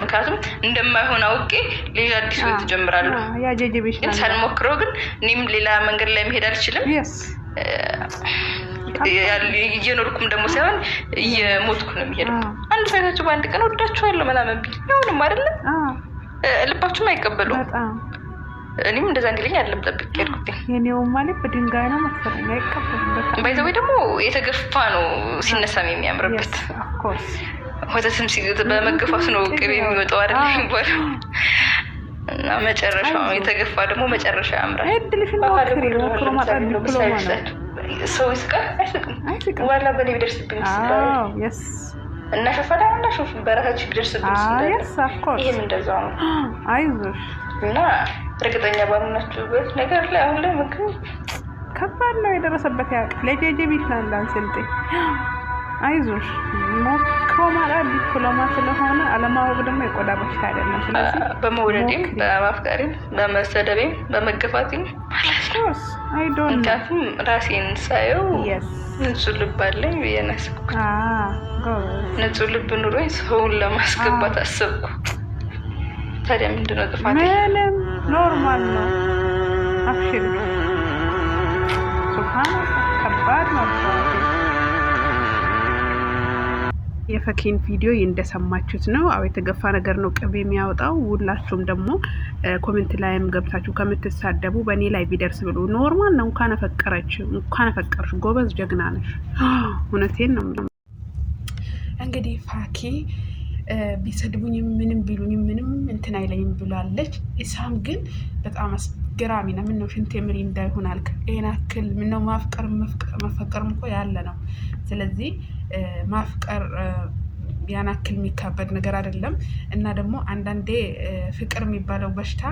ምክንያቱም እንደማይሆን አውቄ ሌላ አዲስ ቤት ትጀምራለሁ። ግን ሳልሞክረው ግን እኔም ሌላ መንገድ ላይ መሄድ አልችልም። እየኖርኩም ደግሞ ሳይሆን እየሞትኩ ነው የሚሄደው። አንድ ሳይታቸው በአንድ ቀን ወዳችኋለሁ ምናምን ቢል አይሆንም አይደለም፣ ልባችሁም አይቀበሉም። እኔም እንደዛ እንዲለኝ አይደለም ጠብቄ ሄድኩት። የኔውማ ልብ ድንጋይ ነው መሰለኝ አይቀበሉም። ባይዘዌ ደግሞ የተገፋ ነው ሲነሳም የሚያምርበት ወተትም ሲገጥ በመገፋት ነው ቅቤ የሚመጣው አይደል የሚባለው። እና መጨረሻው የተገፋ ደግሞ መጨረሻ ያምራል። ሰው ይስቃል እና ሸፈዳ እና ቢደርስብኝ ነው። እርግጠኛ ባልሆናችሁበት ነገር ላይ አሁን ላይ ከባድ ነው የደረሰበት ያቅ ለጀጀብ ይችላል አንስልጤ አይዞሽ ኩሎማ ስለሆነ አለማወቅ ደግሞ የቆዳ በሽታ አይደለም። ስለዚህ በመውደዴም በማፍቀሪም በመሰደቤም በመገፋትም ማለት ነው ምክንያቱም ራሴን ሳየው ንጹህ ልብ አለኝ ብዬ ነው ንጹህ ልብ ኑሮኝ ሰውን ለማስገባት አሰብኩ። ታዲያ ምንድነው ነው ጥፋት? ምንም ኖርማል ነው። አክሽን ከባድ ነው። የፈኪን ቪዲዮ እንደሰማችሁት ነው። አዎ የተገፋ ነገር ነው ቅቤ የሚያወጣው። ሁላችሁም ደግሞ ኮሜንት ላይም ገብታችሁ ከምትሳደቡ በእኔ ላይ ቢደርስ ብሎ ኖርማል ነው። እንኳን አፈቀረች፣ እንኳን አፈቀርሽ፣ ጎበዝ ጀግና ነሽ። እውነቴን ነው። እንግዲህ ፋኪ ቢሰድቡኝም ምንም ቢሉኝም ምንም እንትን አይለኝም ብላለች። ኢሳም ግን በጣም ግራሚ ነው። ምነው ሽንቴ ምሪ እንዳይሆን አልክ። ይሄን አክል ምነው ማፍቀር መፈቀርም እኮ ያለ ነው። ስለዚህ ማፍቀር ያን አክል የሚካበድ ነገር አይደለም። እና ደግሞ አንዳንዴ ፍቅር የሚባለው በሽታ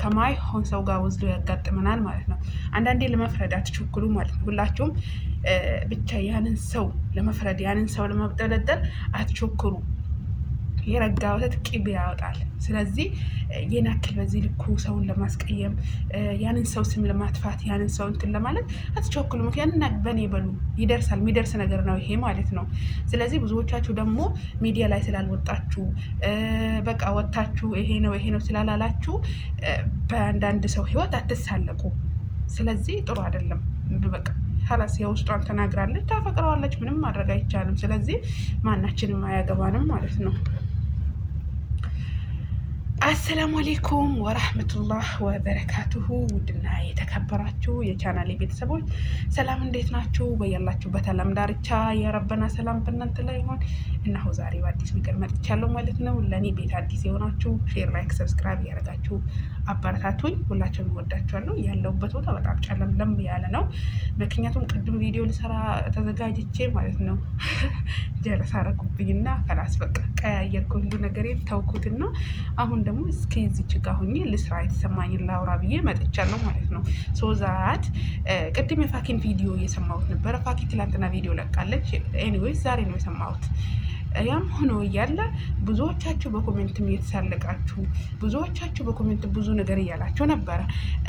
ከማይሆን ሰው ጋር ወዝዶ ያጋጥመናል ማለት ነው። አንዳንዴ ለመፍረድ አትቸኩሉ ማለት ነው። ሁላችሁም ብቻ ያንን ሰው ለመፍረድ ያንን ሰው ለመጠለጠል አትቸኩሩ። የረጋ ወተት ቅቤ ያወጣል። ስለዚህ ይህን ያክል በዚህ ልኩ ሰውን ለማስቀየም ያንን ሰው ስም ለማጥፋት ያንን ሰው እንትን ለማለት አትቸኩሉ። ምክንያት በኔ በሉ ይደርሳል። የሚደርስ ነገር ነው ይሄ ማለት ነው። ስለዚህ ብዙዎቻችሁ ደግሞ ሚዲያ ላይ ስላልወጣችሁ በቃ ወጥታችሁ ይሄ ነው ይሄ ነው ስላላላችሁ በአንዳንድ ሰው ህይወት አትሳለቁ። ስለዚህ ጥሩ አይደለም። በቃ ሀላስ የውስጧን ተናግራለች፣ ታፈቅረዋለች። ምንም ማድረግ አይቻልም። ስለዚህ ማናችንም አያገባንም ማለት ነው። አሰላሙ አሌይኩም ወራህመቱላህ ወበረካቱሁ። ውድና የተከበራችሁ የቻናሌ ቤተሰቦች ሰላም እንዴት ናችሁ? በያላችሁበት አለም ዳርቻ የረበና ሰላም በእናንተ ላይ ይሆን። እናሆ ዛሬ በአዲስ ነገር መጥቻለሁ ማለት ነው። ለእኔ ቤት አዲስ የሆናችሁ ሼር፣ ላይክ፣ ሰብስክራይብ ያደረጋችሁ አበረታቱኝ። ሁላችሁም እወዳችኋለሁ። ያለሁበት ቦታ በጣም ጨለምለም ያለ ነው። ምክንያቱም ቅድም ቪዲዮ ልሰራ ተዘጋጅቼ ማለት ነው ጀረስ አረጉብኝና ከላስ በቃ ቀያየርኩ ሁሉ ነገሬን ተውኩትና አሁን ደግሞ እስኪ እዚች ጋ ሁኜ ልስራ የተሰማኝን ላውራ ብዬ መጥቻለሁ ማለት ነው። ሶ ዛት ቅድም የፋኪን ቪዲዮ እየሰማሁት ነበረ። ፋኪ ትላንትና ቪዲዮ ለቃለች። ኤኒዌይስ ዛሬ ነው የሰማሁት። ያም ሆኖ እያለ ብዙዎቻችሁ በኮሜንትም እየተሳለቃችሁ ብዙዎቻችሁ በኮሜንት ብዙ ነገር እያላችሁ ነበረ።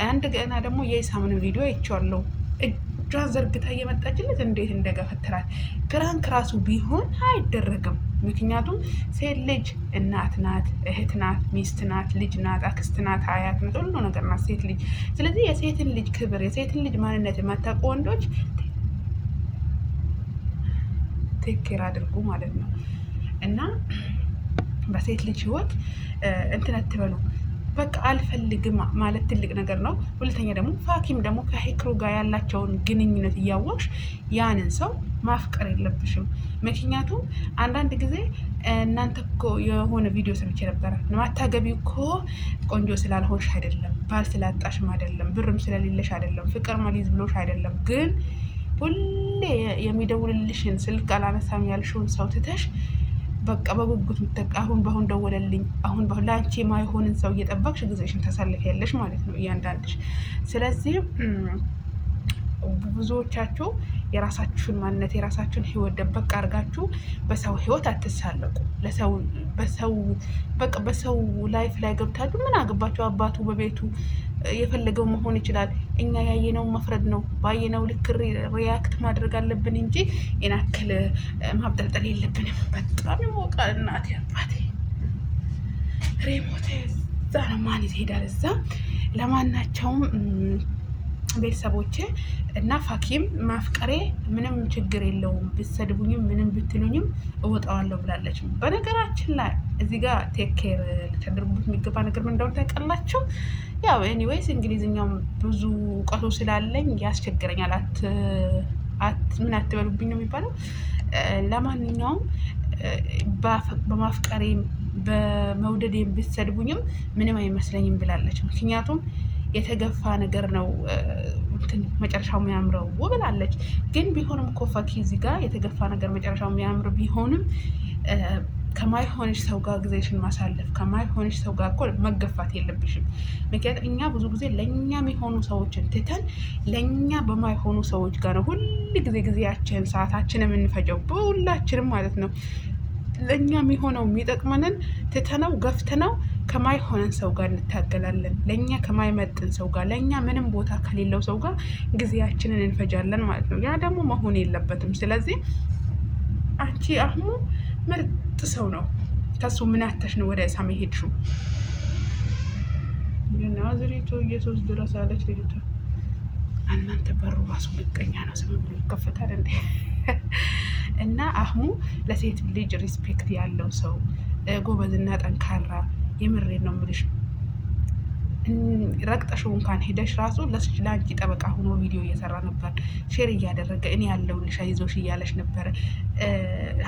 አንድ ገና ደግሞ የኢሳምን ቪዲዮ አይቼዋለሁ። እጇ ዘርግታ እየመጣችለት እንዴት እንደገፈትራት። ፕራንክ ራሱ ቢሆን አይደረግም። ምክንያቱም ሴት ልጅ እናት ናት፣ እህት ናት፣ ሚስት ናት፣ ልጅ ናት፣ አክስት ናት፣ አያት ናት፣ ሁሉ ነገር ናት ሴት ልጅ። ስለዚህ የሴትን ልጅ ክብር፣ የሴትን ልጅ ማንነት የማታውቁ ወንዶች ቴክ ኬር አድርጉ ማለት ነው። እና በሴት ልጅ ህይወት እንትን አትበሉ። በቃ አልፈልግም ማለት ትልቅ ነገር ነው። ሁለተኛ ደግሞ ፋኪም ደግሞ ከሄክሩ ጋር ያላቸውን ግንኙነት እያወቅሽ ያንን ሰው ማፍቀር የለብሽም። ምክንያቱም አንዳንድ ጊዜ እናንተ እኮ የሆነ ቪዲዮ ሰርቼ ነበረ። ማታገቢው እኮ ቆንጆ ስላልሆንሽ አይደለም፣ ባል ስላጣሽም አይደለም፣ ብርም ስለሌለሽ አይደለም፣ ፍቅር መሊዝ ብሎሽ አይደለም ግን ሁሌ የሚደውልልሽን ስልክ አላነሳም ያልሽውን ሰው ትተሽ በቃ በጉጉት ምጠቅ አሁን በአሁን ደወለልኝ፣ አሁን በአሁን ለአንቺ የማይሆንን ሰው እየጠበቅሽ ጊዜሽን ታሳልፊያለሽ ማለት ነው እያንዳንድሽ ስለዚህ ብዙዎቻችሁ የራሳችሁን ማንነት የራሳችሁን ህይወት ደበቅ አድርጋችሁ በሰው ህይወት አትሳለቁ። በሰው በቃ በሰው ላይፍ ላይ ገብታችሁ ምን አገባችሁ? አባቱ በቤቱ የፈለገው መሆን ይችላል። እኛ ያየነው መፍረድ ነው፣ ባየነው ልክ ሪያክት ማድረግ አለብን እንጂ የናክል ማብጠልጠል የለብንም። በጣም ይሞቃል። እናቴ አባቴ ሬሞቴ እዛ ነው ማን ይሄዳል እዛ ለማናቸውም ቤተሰቦቼ እና ፋኪም ማፍቀሬ ምንም ችግር የለውም፣ ብትሰድቡኝም ምንም ብትሉኝም እወጣዋለሁ ብላለች። በነገራችን ላይ እዚህ ጋር ቴክ ኬር የሚገባ ነገር ምን እንደሆነ ታውቃላችሁ? ያው ኤኒዌይስ እንግሊዝኛውም ብዙ እውቀቱ ስላለኝ ያስቸግረኛል። አት አት ምን አትበሉብኝ ነው የሚባለው። ለማንኛውም በማፍቀሬም በመውደዴም ብትሰድቡኝም ምንም አይመስለኝም ብላለች። ምክንያቱም የተገፋ ነገር ነው መጨረሻው የሚያምረው ብላለች። ግን ቢሆንም እኮ ፈኪ እዚህ ጋር የተገፋ ነገር መጨረሻው የሚያምር ቢሆንም ከማይሆንሽ ሰው ጋር ጊዜሽን ማሳለፍ ከማይሆንሽ ሰው ጋር እኮ መገፋት የለብሽም። ምክንያቱም እኛ ብዙ ጊዜ ለእኛ የሚሆኑ ሰዎችን ትተን ለእኛ በማይሆኑ ሰዎች ጋር ነው ሁል ጊዜ ጊዜያችን ሰዓታችን የምንፈጀው በሁላችንም ማለት ነው። ለእኛ የሚሆነው የሚጠቅመንን ትተነው ገፍተነው ከማይሆነን ሰው ጋር እንታገላለን። ለእኛ ከማይመጥን ሰው ጋር፣ ለእኛ ምንም ቦታ ከሌለው ሰው ጋር ጊዜያችንን እንፈጃለን ማለት ነው። ያ ደግሞ መሆን የለበትም። ስለዚህ አንቺ አህሙ ምርጥ ሰው ነው። ከሱ ምን አተሽ ነው ወደ እሳ የሄድሽው? ናዝሬቱ ኢየሱስ ድረስ አለች ልጅቷ። እናንተ በሩ ራሱ ምቀኛ ነው። ስም ብሎ ይከፈታል እንዴ? እና አህሙ ለሴት ልጅ ሪስፔክት ያለው ሰው ጎበዝና ጠንካራ የምሬን ነው የምልሽ። ረግጠሽው እንኳን ሄደሽ ራሱ ለአንቺ ጠበቃ ሆኖ ቪዲዮ እየሰራ ነበር፣ ሼር እያደረገ እኔ ያለሁልሽ አይዞሽ እያለሽ ነበረ።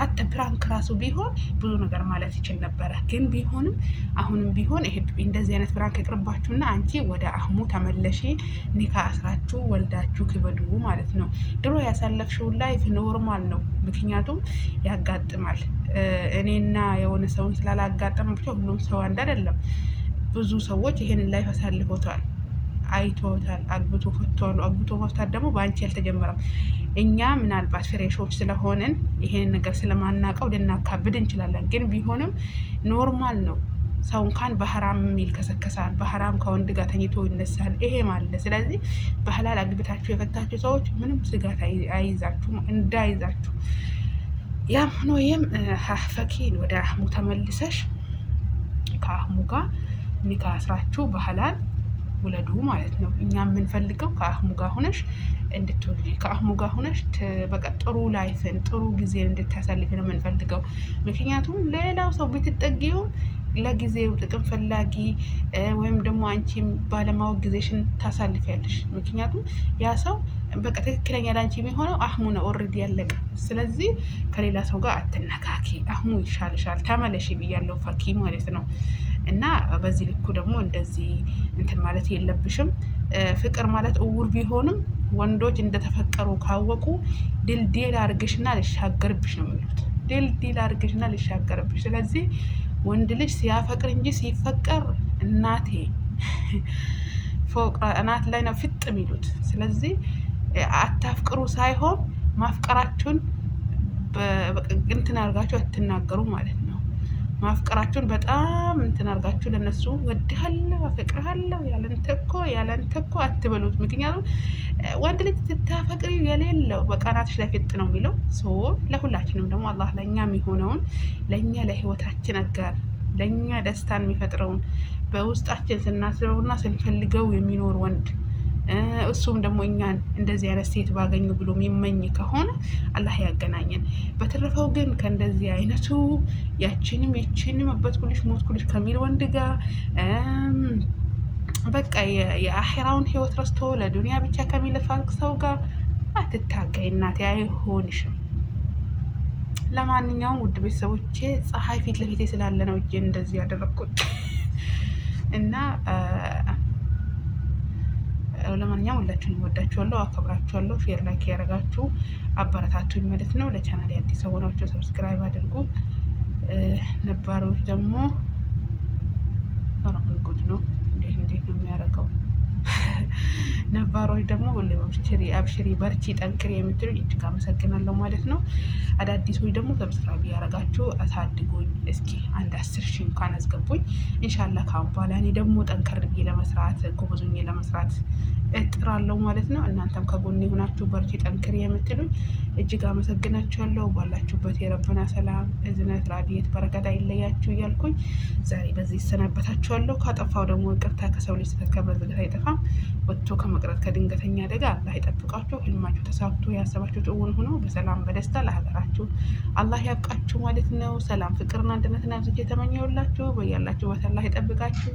ሀተ ፕራንክ ራሱ ቢሆን ብዙ ነገር ማለት ይችል ነበረ። ግን ቢሆንም አሁንም ቢሆን እንደዚህ አይነት ፕራንክ ይቅርባችሁና አንቺ ወደ አህሙ ተመለሺ። ኒካ አስራችሁ ወልዳችሁ ክበዱ ማለት ነው። ድሮ ያሳለፍሽውን ላይፍ ኖርማል ነው፣ ምክንያቱም ያጋጥማል እኔና የሆነ ሰውን ስላላጋጠመ ብቻ ሁሉም ሰው አንድ አይደለም። ብዙ ሰዎች ይሄንን ላይፍ አሳልፎታል፣ አይቶታል። አግብቶ ፈቷሉ። አግብቶ መፍታት ደግሞ በአንቺ አልተጀመረም። እኛ ምናልባት ፍሬሾች ስለሆንን ይሄንን ነገር ስለማናቀው ልናካብድ እንችላለን። ግን ቢሆንም ኖርማል ነው። ሰው እንኳን በሀራም የሚል ከሰከሳል። በሀራም ከወንድ ጋር ተኝቶ ይነሳል። ይሄም አለ። ስለዚህ በሀላል አግብታችሁ የፈታችሁ ሰዎች ምንም ስጋት አይዛችሁ እንዳይዛችሁ ያም ሆኖ ይህም ፈኪን ወደ አህሙ ተመልሰሽ ከአህሙ ጋር ኒካ አስራችሁ ባህላል ውለዱ ማለት ነው። እኛ የምንፈልገው ከአህሙ ጋር ሆነሽ እንድትወልጂ ከአህሙ ጋር ሆነሽ በቃ ጥሩ ላይፍን ጥሩ ጊዜን እንድታሳልፍ ነው የምንፈልገው። ምክንያቱም ሌላው ሰው ብትጠጊው ለጊዜው ጥቅም ፈላጊ ወይም ደግሞ አንቺ ባለማወቅ ጊዜሽን ታሳልፊያለሽ። ምክንያቱም ያ ሰው በቃ ትክክለኛ ለአንቺ የሚሆነው አህሙ ነው፣ ኦልሬዲ ያለቀ። ስለዚህ ከሌላ ሰው ጋር አትነካኪ፣ አህሙ ይሻልሻል፣ ተመለሽ ብያለው ፋኪ ማለት ነው። እና በዚህ ልኩ ደግሞ እንደዚህ እንትን ማለት የለብሽም። ፍቅር ማለት እውር ቢሆንም ወንዶች እንደተፈቀሩ ካወቁ ድልድል አድርግሽና ልሻገርብሽ ነው የሚሉት። ድልድል አድርግሽና ልሻገርብሽ። ስለዚህ ወንድ ልጅ ሲያፈቅር እንጂ ሲፈቀር እናቴ ፎቅ እናት ላይ ነው ፍጥ የሚሉት። ስለዚህ አታፍቅሩ ሳይሆን ማፍቀራችሁን እንትን አድርጋችሁ አትናገሩ ማለት ነው። ማፍቀራቸውን በጣም እንትን አርጋችሁ ለነሱ ወድሃለሁ፣ አፈቅርሃለሁ ያለንተ እኮ ያለንተ እኮ አትበሉት። ምክንያቱም ወንድ ልጅ ስታፈቅሪ የሌለው በቃናትሽ ላይ ፍጥ ነው የሚለው ሶ ለሁላችንም ደግሞ አላህ ለእኛ የሚሆነውን ለእኛ ለህይወታችን አጋር ለእኛ ደስታን የሚፈጥረውን በውስጣችን ስናስበውና ስንፈልገው የሚኖር ወንድ እሱም ደግሞ እኛን እንደዚህ አይነት ሴት ባገኙ ብሎ የሚመኝ ከሆነ አላህ ያገናኘን። በተረፈው ግን ከእንደዚህ አይነቱ ያችንም የችንም ሞት ኩልሽ ከሚል ወንድ ጋር በቃ የአሄራውን ህይወት ረስቶ ለዱንያ ብቻ ከሚለፋቅ ሰው ጋር አትታገይ እናቴ፣ አይሆንሽም። ለማንኛውም ውድ ቤተሰቦቼ ፀሐይ ፊት ለፊቴ ስላለ ነው እንደዚህ ያደረግኩት እና እላለሁ። ለማንኛውም ሁላችሁን እወዳችኋለሁ፣ አከብራችኋለሁ። ሼር ላይክ ያደረጋችሁ አበረታቱኝ ማለት ነው። ለቻናል አዲስ ሆናችሁ ሰብስክራይብ አድርጉ። ነባሮች ደግሞ ጉድ ነው እንዴት እንዴት ነው የሚያደርገው? ነባሮች ደግሞ ሁሌ አብሽሪ አብሽሪ በርቺ ጠንክሪ የምትሉ እጅግ አመሰግናለሁ ማለት ነው። አዳዲሶች ደግሞ ሰብስክራይብ ያደረጋችሁ አሳድጉኝ፣ እስኪ አንድ አስር ሺ እንኳን አስገቡኝ። እንሻላ ካሁን በኋላ እኔ ደግሞ ጠንከር ብዬ ለመስራት ጎበዙኝ ለመስራት እጥራለሁ ማለት ነው። እናንተም ከጎን የሆናችሁ በርቺ፣ ጠንክር የምትሉኝ እጅግ አመሰግናችኋለሁ። ባላችሁበት የረብና ሰላም፣ እዝነት፣ ራድየት በረከት አይለያችሁ እያልኩኝ ዛሬ በዚህ ይሰናበታችኋለሁ። ካጠፋው ደግሞ ይቅርታ። ከሰው ልጅ ስህተት ከመዝግት አይጠፋም። ወጥቶ ከመቅረት ከድንገተኛ አደጋ አላህ ይጠብቃችሁ። ህልማችሁ ተሳክቶ ያሰባችሁት እውን ሆኖ በሰላም በደስታ ለሀገራችሁ አላህ ያብቃችሁ ማለት ነው። ሰላም፣ ፍቅርና አንድነትን አብዝቼ የተመኘሁላችሁ በያላችሁበት አላህ ይጠብቃችሁ።